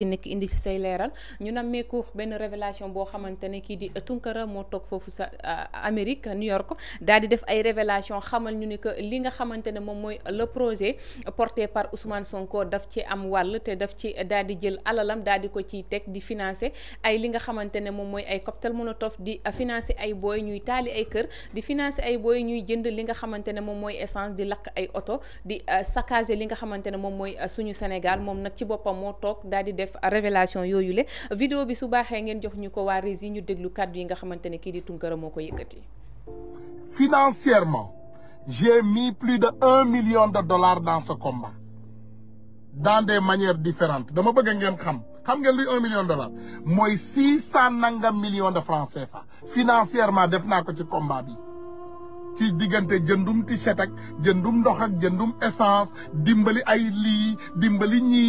ci nekk indi ci say leeral ñu nammeeku benn révélation boo xamante ne kii di Tunkara moo toog foofu sa euh, Amérique New York dal di def ay révélation xamal ñu ni que li nga xamante ne moom mooy le projet porté par Ousmane Sonko daf ci am wàll daf ci daal di jël alalam daal di ko ciy teg di financer ay li nga xamante ne moom mooy ay cocktail Molotov di financer ay booy ñuy taali ay kër di financer ay booy ñuy jënd li nga xamante ne moom mooy essence di lakk ay oto di euh, saccager li nga xamante ne moom mooy euh, suñu Sénégal moom nag ci boppam moo toog daal di def def révélation Yoyulé. vidéo bi su baxé ngeen jox ñuko wa waa ñu déglu kàddu yi nga xamante ne kii di Tunkara moo financièrement j'ai mis plus de 1 million de dollars dans ce combat dans des manières différentes dama bëgg ngeen xam xam ngeen luy 1 million de dollars moy 600 nangam millions de francs CFA financièrement def naa ko ci combat bi ci diggante jëndum ti sétak jëndum ndox ak jëndum essence dimbali ay li dimbali ñi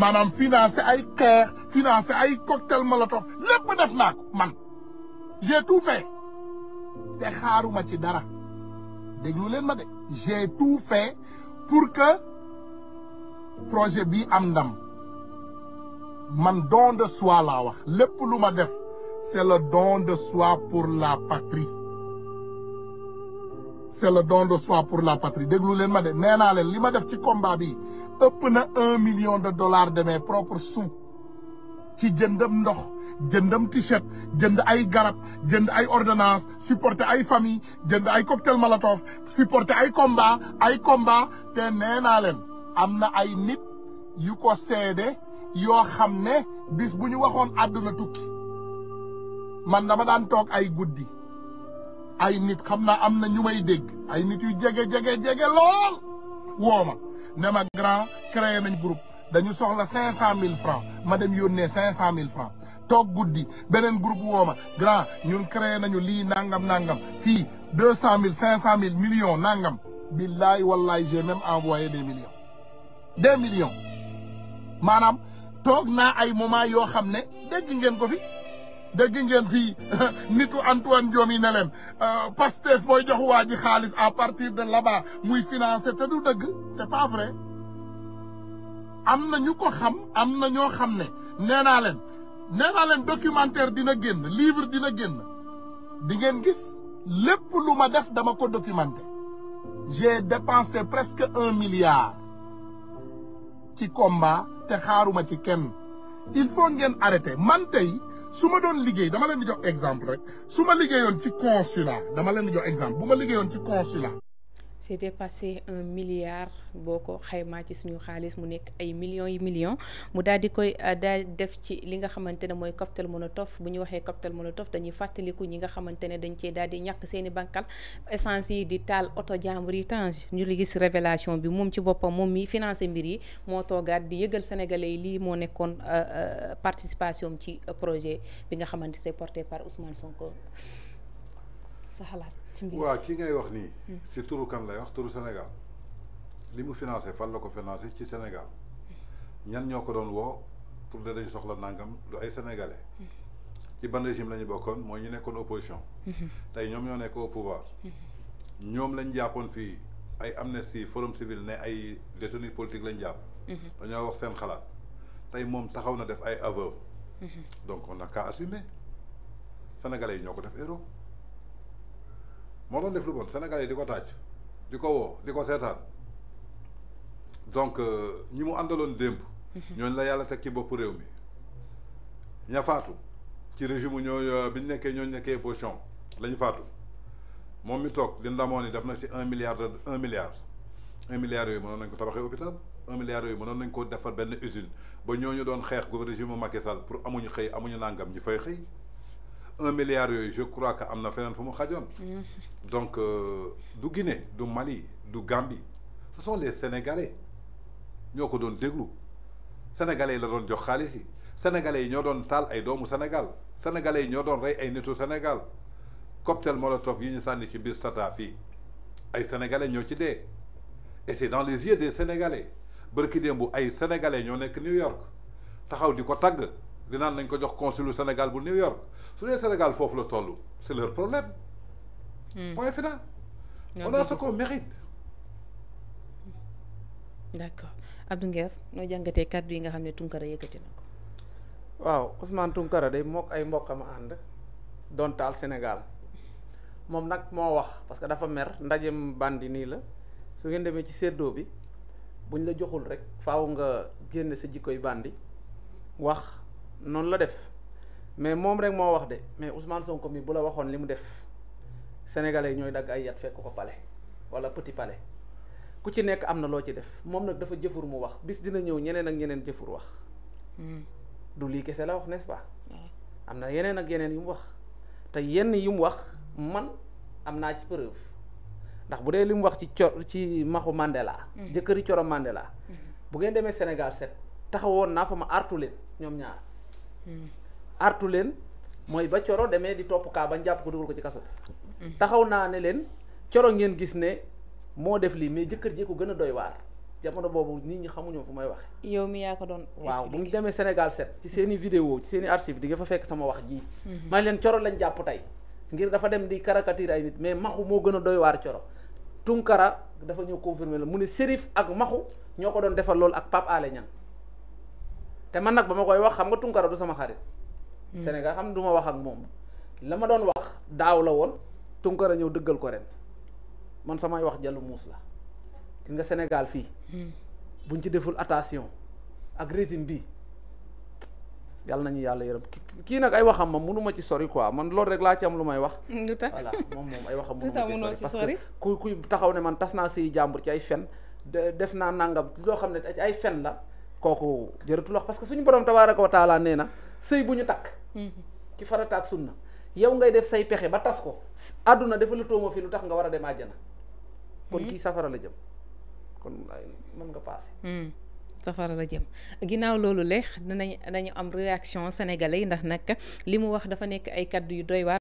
manam financé ay xeex financé ay cocktail molotov lepp def naa ko man j'ai tout fait te xaaruma ci dara déglu leen ma de j'ai tout fait pour que projet bi am ndam man don de soi laa wax lépp lu ma def c'est le don de soi pour la patrie c'est le don de soi pour la patrie de vous combat un million de dollars de mes propres sous ci jëndam ndox jëndam t-shirt jënd garab jënd ordonnance supporter ay famille jënd cocktail supporter combat ay combat te nee naa Amna ay nit yu ko cédé yo xamné bis tukki man ay nit xam naa ñu may dégg ay nit yu jege jégué lool grand créé nañ groupe dañu soxla cinq francs Madame, dem 500 500 francs tok goudi benen groupe woma grand ñun créé nañu li, nangam nangam Fi 200 000, 500 000 millions nangam billahi wallahi j'ai même envoyé des millions des millions manam tok na ay moment yo xamné ngeen ko de vie, ni nitu Antoine Diomine... euh pasteur jox partir de là-bas muy financé te du deug c'est pas vrai amna ñuko xam amna ño xamne len documentaire dina livre dina di gis def dama ko documenté j'ai dépensé presque un milliard ci combat te ci kenn il faut ngeen arrêter man su ma doon liggéey dama leen di jox exemple rek su ma liggéeyoon ci consulat dama leen di jox exemple bu ma liggéeyoon ci consulat c'est dépassé un milliard boko xeyma ci suñu xaalis mu nek ay millions yi millions mu dal di koy euh, daal def ci li nga xamantene moy mooy cocktail Molotov bu ñu waxee cocktail monotof dañuy fateliku ñi nga xamantene dañ cee dal di ñàkk seeni bankal essence yi di tal auto jàmbur yi tange ñu li gis révélation bi mom ci bopam mom mi financer mbir yi moo toogaat di yëgal sénégalais yi lii moo nekkoon euh, euh, participation ci projet bi nga xamantene c'est porté par Ousmane Sonko. sa xalaat ci mbir ngay wax nii hmm. si turu kan lay wax turu Sénégal li mu financé fan la ko financé ci Sénégal hmm. ñan ñoo ko doon woo pour de dañu soxla nangam du ay sénégalais hmm. ci ban régime la bokkoon mooy ñu nekkoon opposition tey ñoom ñoo nekkoo pouvoir ñoom lañ jàppoon fii ay amnistie forum civil ne ay détenus politique lañ jàpp dañoo wax seen xalaat tey moom taxaw na def ay aveu donc on a qu'à assumer sénégalais yi ñoo ko def héros mo doon def lu bon de yi di ko tàcc di ko donc euh, ñi mu àndaloon démb. Mhm. la yàlla teg ci bopp ña faatu ci régime ñoo euh, bi ñu nekkee ñooñu nekkee opposition faatu moom mi toog di ni def na un milliard de un milliard un milliard yooyu mënoon nañ hôpital un milliard yooyu mënoon nañ ko defar benn usine ba doon régime pour amuñu xëy amuñu nangam ñu fay un milliard je crois que amna fenen feneen fu mm-hmm. donc euh, du Guinée du Mali du Gambie ce sont les Sénégalais ñoko ko déglu Sénégalais la doon jox xalisi Sénégalais yi ñoo doon ay doomu Sénégal Sénégalais yi ñoo ray ay nitu Sénégal cocktail molotov yi ñu sanni ci bir Stata fi ay Sénégalais ñoo ci dé et c'est dans les yeux des Sénégalais barki dembu ay Sénégalais ñoo nekk New York taxaw diko tag dinaan nañ ko jox consul Sénégal bu New York su dee Sénégal foofu la toll c' est leur problème. Hmm. point final. on a ce qu'on mérite. d' accord Abdou Nguer noo jàngatee kàddu yi nga xam ne Tunkara yëkkati na ko. waaw Ousmane Tunkara day mook ay mbokkam ànd doon taal Sénégal moom nag moo wax parce que dafa mer ndajem bandi nii la su ngeen demee ci séddoo bi buñ la joxul rek faaw nga génn sa jikkoy bandi wax. noonu la def mais moom rek moo wax de mais Ousmane Sonko mii bu la waxoon li mu def sénégalais ñooy dagg ay yat fekk ko pale wala petit pale ku ci nekk am na loo ci def moom nag dafa jëfur mu wax bis dina ñëw ñeneen ak ñeneen jëfur wax. Hmm. du lii kese la wax n'est-ce am na yeneen ak yeneen yu mu wax te yenn yu mu wax man am naa ci preuve ndax bu dee li mu wax ci cor ci maxu Mandela. Hmm. jëkkëri coro Mandela. Hmm. bu ngeen demee Sénégal set taxawoon naa fa ma artu leen ñoom ñaar. artu leen mooy ba coro demee di topp kaa bañ jàpp ko dugal ko ci kaso bi taxaw naa ne leen coro ngeen gis ne moo def lii mais jëkkër jee ko gën a doy waar jamono boobu nit ñi xamuñoo fu may wax yow mi yaa ko doon waaw mu ñu demee Sénégal set ci seen i vidéo ci seen i archive nga fa fekk sama wax jii man mhm. leen coro lañ jàpp tey ngir dafa dem di caricature ay nit mais maxu moo gën a doy waar coro tunkara dafa ñëw confirmer la mu ne Serif ak maxu ñoo ko doon defal loolu ak Pape Alé Niang te man nag ba ma koy wax xam nga Tunkara du sama xarit. Hmm. Sénégal xam du ma wax ak moom. la ma doon wax daaw la woon Tunkara ñëw dëggal ko ren man samay wax jallu muus la gis nga Sénégal fii. Hmm. buñ ci deful attention ak régime bi yàlla nañu yàlla yërëm kii nag ay waxam ma mënu ma ci sori ko man loolu rek laa ci am lu may wax. lu tax moom moom ay waxam. mënu ma ci sori parce que ku kuy taxaw ne man tas naa siy jàmbur ci ay fen. def naa nangam loo xam ne ay fen la. kooku jëratul wax parce que suñu borom tabaaraka wa taala nee na sëy bu ñu takk. Mhm. ci farata ak na yow ngay def say pexe ba tas ko. àdduna dafa la tooma fi lu tax nga war a dem àjjana. kon mhm. kii safara la jëm kon mën nga paase. Mhm. safara la jëm ginnaaw loolu leex dinañ dañu am réaction sénégalais yi ndax nag li mu wax dafa nekk ay kaddu yu doy waar